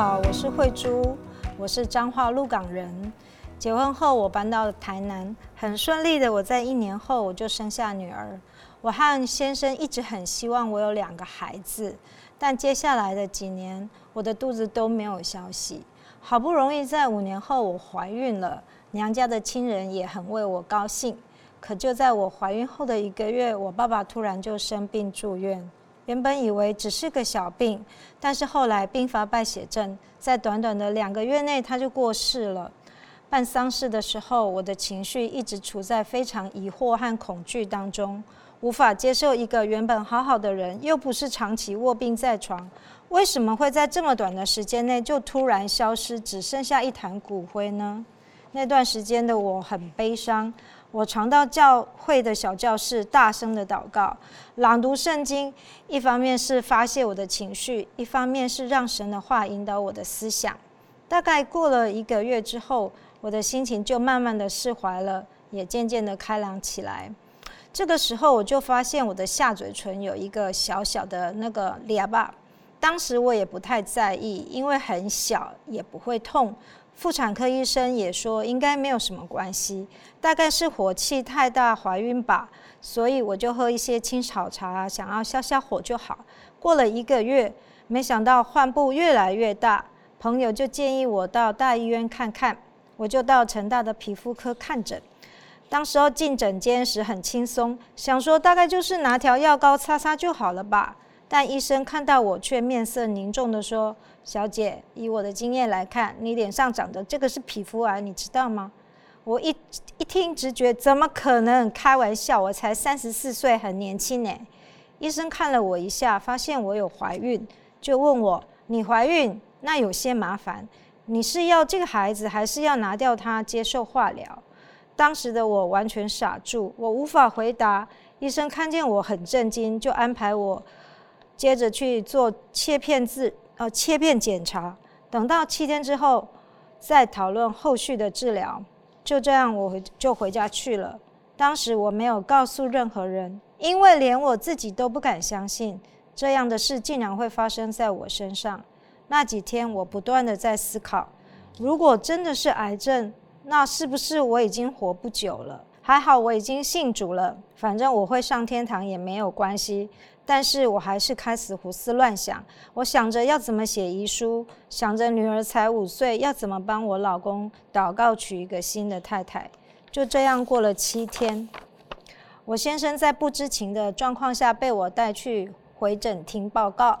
好，我是慧珠，我是彰化鹿港人。結婚後，我搬到台南，很順利的，我在一年後我就生下女兒。我和先生一直很希望我有兩個孩子，但接下來的幾年，我的肚子都沒有消息。好不容易在五年後我懷孕了，娘家的親人也很為我高興。可就在我懷孕後的一個月，我爸爸突然就生病住院。原本以為只是個小病，但是後來病發敗血症，在短短的兩個月內他就過世了。辦喪事的時候，我的情緒一直處在非常疑惑和恐懼當中，無法接受一個原本好好的人，又不是長期臥病在床，為什麼會在這麼短的時間內就突然消失，只剩下一罈骨灰呢？那段時間的我很悲傷。我常到教會的小教室大聲的禱告、朗讀聖經，一方面是發洩我的情緒，一方面是讓神的話引導我的思想。大概過了一個月之後，我的心情就慢慢的釋懷了，也漸漸的開朗起來。這個時候，我就發現我的下嘴唇有一個小小的那個裂吧，當時我也不太在意，因為很小，也不會痛。婦產科醫生也說應該沒有什麼關係，大概是火氣太大懷孕吧，所以我就喝一些青草茶，想要消消火就好。過了一個月，沒想到患部越來越大，朋友就建議我到大醫院看看，我就到成大的皮膚科看診。當時候進診間時很輕鬆，想說大概就是拿條藥膏擦擦就好了吧，但醫生看到我卻面色凝重地說。小姐，以我的經驗來看，你臉上長的這個是皮膚癌，你知道嗎？我一一聽直覺，怎麼可能開玩笑？我才三十四歲，很年輕呢。醫生看了我一下，發現我有懷孕，就問我：你懷孕？那有些麻煩。你是要這個孩子，還是要拿掉它，接受化療？當時的我完全傻住，我無法回答。醫生看見我很震驚，就安排我接着去做切片治呃，切片檢查，等到七天之後再討論後續的治療。就這樣，我回就回家去了。當時我沒有告訴任何人，因為連我自己都不敢相信這樣的事竟然會發生在我身上。那幾天我不斷的在思考，如果真的是癌症，那是不是我已經活不久了？還好我已經信主了，反正我會上天堂也沒有關係。但是我還是開始胡思亂想，我想着要怎麼寫遺書，想着女兒才五歲，要怎麼幫我老公禱告娶一個新的太太。就這樣過了七天，我先生在不知情的狀況下被我帶去回診聽報告，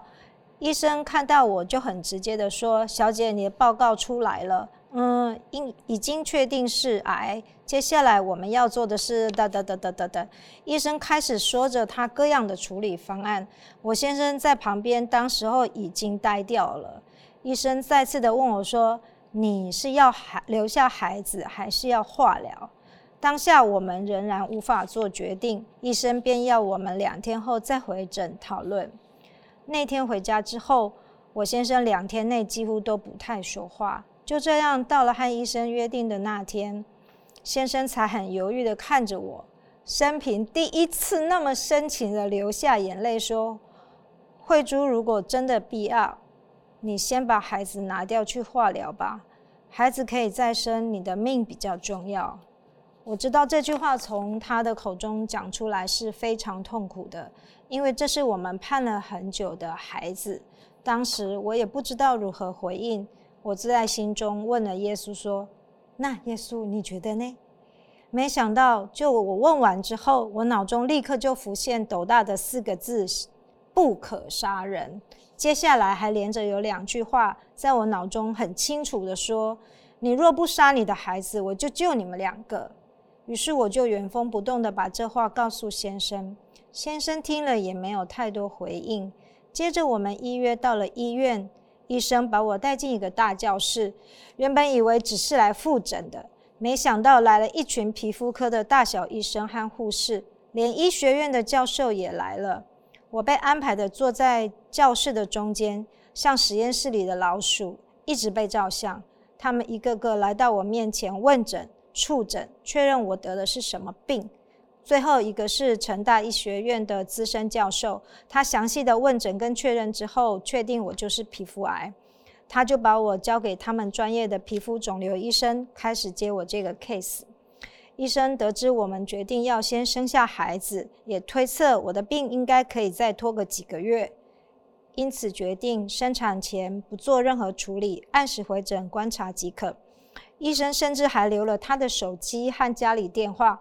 醫生看到我就很直接的說：“小姐，你的報告出來了。”嗯，已已經確定是癌。接下來我們要做的是噠噠噠噠噠噠。醫生開始說着他各樣的處理方案。我先生在旁邊，當時候已經呆掉了。醫生再次的問我說：“你是要孩留下孩子，還是要化療？”當下我們仍然無法做決定。醫生便要我們兩天後再回診討論。那天回家之後，我先生兩天內幾乎都不太說話。就這樣到了和醫生約定的那天，先生才很猶豫的看着我，生平第一次那麼深情的流下眼淚，說：“慧珠，如果真的必要，你先把孩子拿掉去化療吧，孩子可以再生，你的命比較重要。”我知道這句話從他的口中講出來是非常痛苦的，因為這是我們盼了很久的孩子。當時我也不知道如何回應。我自在心中問了耶穌說：“那耶穌，你覺得呢？”沒想到，就我問完之後，我腦中立刻就浮現鬥大的四個字：“不可殺人。”接下來還連着有兩句話，在我腦中很清楚的說：“你若不殺你的孩子，我就救你們兩個。”於是我就原封不動的把這話告訴先生。先生聽了也沒有太多回應。接着我們依約到了醫院。醫生把我帶進一個大教室，原本以為只是來複診的，沒想到來了一群皮膚科的大小醫生和護士，連醫學院的教授也來了。我被安排的坐在教室的中間，像實驗室裡的老鼠，一直被照相。他們一個個來到我面前問診、觸診，確認我得的是什麼病。最後一個是成大醫學院的資深教授，他詳細的問診跟確認之後，確定我就是皮膚癌，他就把我交給他們專業的皮膚腫瘤醫生，開始接我這個 case。醫生得知我們決定要先生下孩子，也推測我的病應該可以再拖個幾個月，因此決定生產前不做任何處理，按時回診觀察即可。醫生甚至還留了他的手機和家裡電話。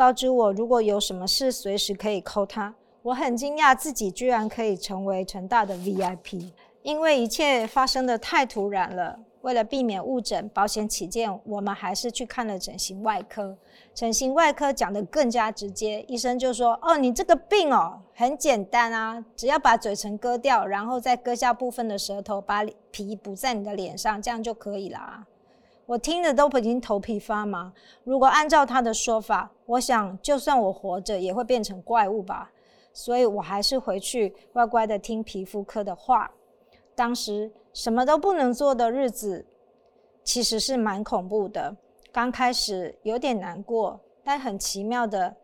告知我，如果有什麼事，隨時可以 call 他。我很驚訝，自己居然可以成為成大的 VIP，因為一切發生得太突然了。為了避免誤診，保險起見，我們還是去看了整形外科。整形外科講得更加直接，醫生就說：“哦，你這個病哦，很簡單啊，只要把嘴唇割掉，然後再割下部分的舌頭，把皮補在你的臉上，這樣就可以了啊。”我聽着都不已經頭皮發麻。如果按照他的說法，我想就算我活着也會變成怪物吧。所以我還是回去乖乖的聽皮膚科的話。當時什麼都不能做的日子，其實是蠻恐怖的。剛開始有點難過，但很奇妙的，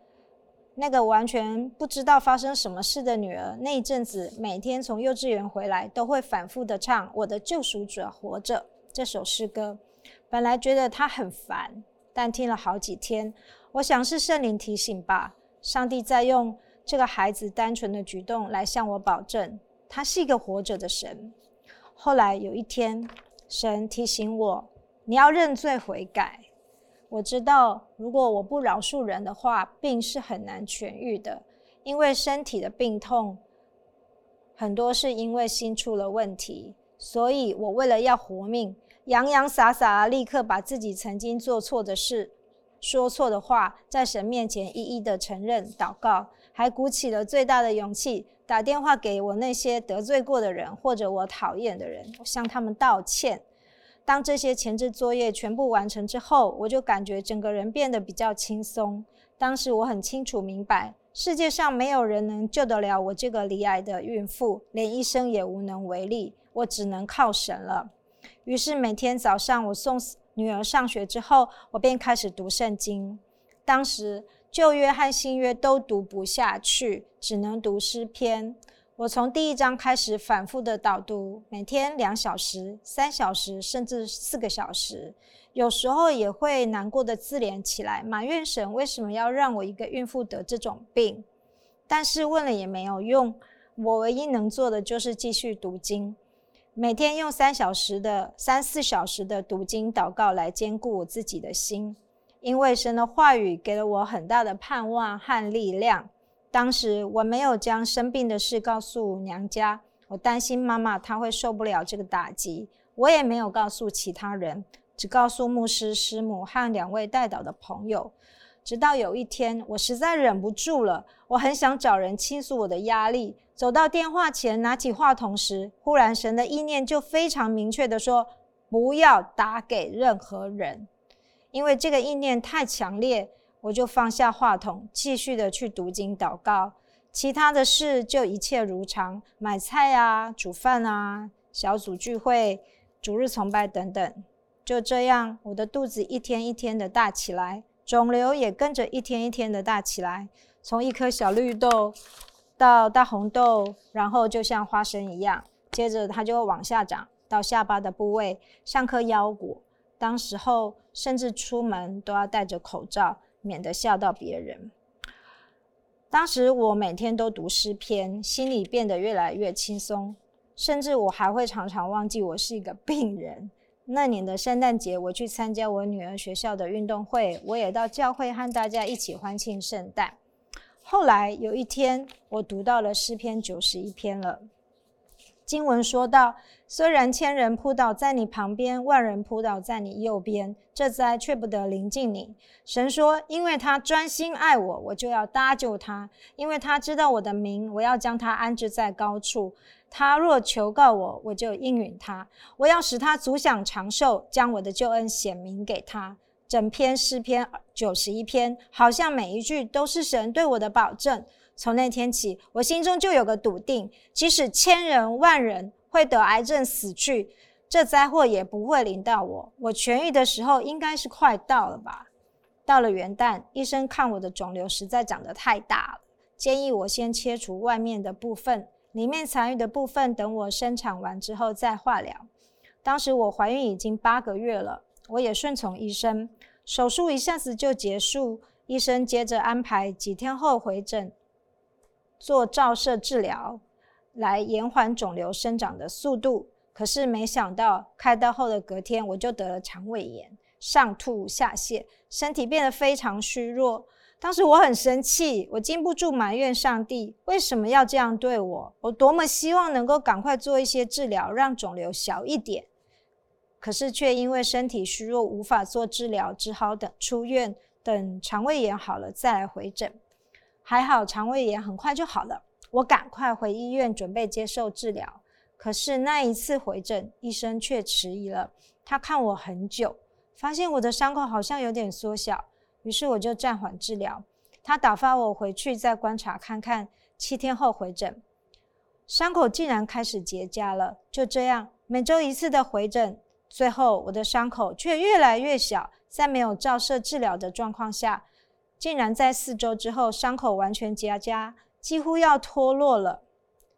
那個完全不知道發生什麼事的女兒，那一陣子每天從幼稚園回來都會反覆的唱《我的救贖者活着》這首詩歌。本來覺得他很煩，但聽了好幾天，我想是聖靈提醒吧。上帝在用這個孩子單純的舉動來向我保證，他是一個活着的神。後來有一天，神提醒我：“你要認罪悔改。”我知道，如果我不饒恕人的話，病是很難痊癒的。因為身體的病痛很多是因為心出了問題，所以我為了要活命，洋洋灑灑，立刻把自己曾經做錯的事、說錯的話，在神面前一一的承認、禱告，還鼓起了最大的勇氣打電話給我那些得罪過的人或者我討厭的人，向他們道歉。當這些前置作業全部完成之後，我就感覺整個人變得比較輕鬆。當時我很清楚明白，世界上沒有人能救得了我這個罹癌的孕婦，連醫生也無能為力，我只能靠神了。於是每天早上我送女兒上學之後，我便開始讀聖經。當時舊約和新約都讀不下去，只能讀詩篇。我從第一章開始反覆的導讀，每天兩小時、三小時，甚至四個小時。有時候也會難過的自憐起來，埋怨神為什麼要讓我一個孕婦得這種病。但是問了也沒有用，我唯一能做的就是繼續讀經。每天用三小時的、三四小時的讀經禱告來堅固我自己的心，因為神的話語給了我很大的盼望和力量。當時我沒有將生病的事告訴娘家，我擔心媽媽她會受不了這個打擊。我也沒有告訴其他人，只告訴牧師師母和兩位代禱的朋友。直到有一天，我實在忍不住了，我很想找人傾訴我的壓力。走到電話前，拿起話筒時，忽然神的意念就非常明確的說：“不要打給任何人。”因為這個意念太強烈，我就放下話筒，繼續的去讀經禱告。其他的事就一切如常，買菜啊，煮飯啊，小組聚會、主日崇拜等等。就這樣，我的肚子一天一天的大起來。腫瘤也跟着一天一天的大起來，從一顆小綠豆到大紅豆，然後就像花生一樣，接着它就會往下長到下巴的部位，像顆腰果。當時候甚至出門都要戴着口罩，免得嚇到別人。當時我每天都讀詩篇，心裡變得越來越輕鬆，甚至我還會常常忘記我是一個病人。那年的聖誕節，我去參加我女兒學校的運動會，我也到教會和大家一起歡慶聖誕。後來有一天，我讀到了詩篇九十一篇了。經文說道：“雖然千人撲倒在你旁邊，萬人撲倒在你右邊，這災卻不得臨近你。”神說：“因為他專心愛我，我就要搭救他；因為他知道我的名，我要將他安置在高處。”他若求告我，我就應允他。我要使他足享長壽，將我的救恩顯明給他。整篇詩篇九十一篇，好像每一句都是神對我的保證。從那天起，我心中就有個篤定：即使千人萬人會得癌症死去，這災禍也不會臨到我。我痊癒的時候，應該是快到了吧？到了元旦，醫生看我的腫瘤實在長得太大了，建議我先切除外面的部分。裡面殘餘的部分，等我生產完之後再化療。當時我懷孕已經八個月了，我也順從醫生。手術一下子就結束，醫生接着安排幾天後回診做照射治療，來延緩腫瘤生長的速度。可是沒想到開刀後的隔天，我就得了腸胃炎，上吐下瀉，身體變得非常虛弱。當時我很生氣，我禁不住埋怨上帝，為什麼要這樣對我？我多麼希望能夠趕快做一些治療，讓腫瘤小一點。可是卻因為身體虛弱，無法做治療，只好等出院，等腸胃炎好了，再來回診。還好腸胃炎很快就好了，我趕快回醫院準備接受治療。可是那一次回診，醫生卻遲疑了，他看我很久，發現我的傷口好像有點縮小。於是我就暫緩治療，他打發我回去再觀察看看，七天後回診，傷口竟然開始結痂了。就這樣，每周一次的回診，最後我的傷口卻越來越小，在沒有照射治療的狀況下，竟然在四周之後傷口完全結痂，幾乎要脫落了。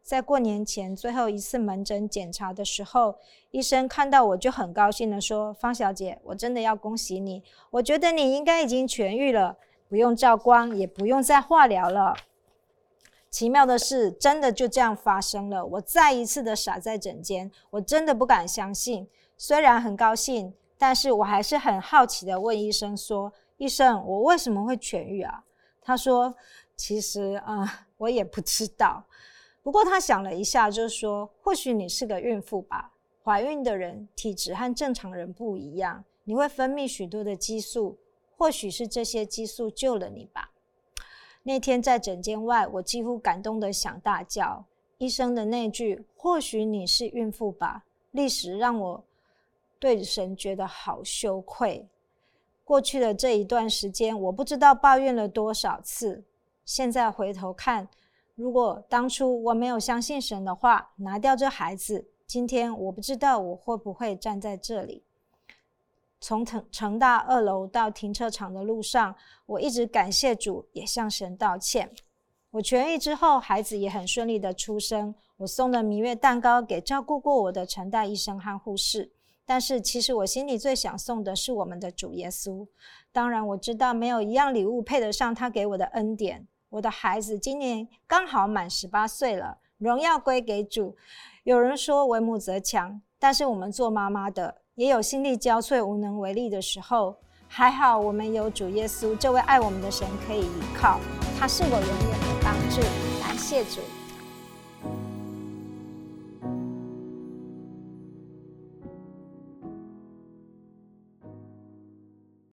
在過年前最後一次門診檢查的時候，醫生看到我就很高興的說：“方小姐，我真的要恭喜你，我覺得你應該已經痊癒了，不用照光，也不用再化療了。”奇妙的是，真的就這樣發生了。我再一次的傻在診間，我真的不敢相信。雖然很高興，但是我還是很好奇的問醫生說：“醫生，我為什麼會痊癒啊？”他說：“其實啊、嗯，我也不知道。”不過他想了一下，就說：“或許你是個孕婦吧。懷孕的人體質和正常人不一樣，你會分泌許多的激素。或許是這些激素救了你吧。”那天在診間外，我幾乎感動得想大叫。醫生的那句“或許你是孕婦吧”，歷史讓我對神覺得好羞愧。過去的這一段時間，我不知道抱怨了多少次。現在回頭看。如果當初我沒有相信神的話，拿掉這孩子，今天我不知道我會不會站在這裡。從成大二樓到停車場的路上，我一直感謝主，也向神道歉。我痊癒之後，孩子也很順利的出生。我送了彌月蛋糕給照顧過我的成大醫生和護士，但是其實我心裡最想送的是我們的主耶穌。當然，我知道沒有一樣禮物配得上他給我的恩典。我的孩子今年剛好滿十八歲了，榮耀歸給主。有人說“為母則強”，但是我們做媽媽的也有心力交瘁、無能為力的時候。還好我們有主耶穌這位愛我們的神可以依靠，他是我永遠的幫助。感謝主。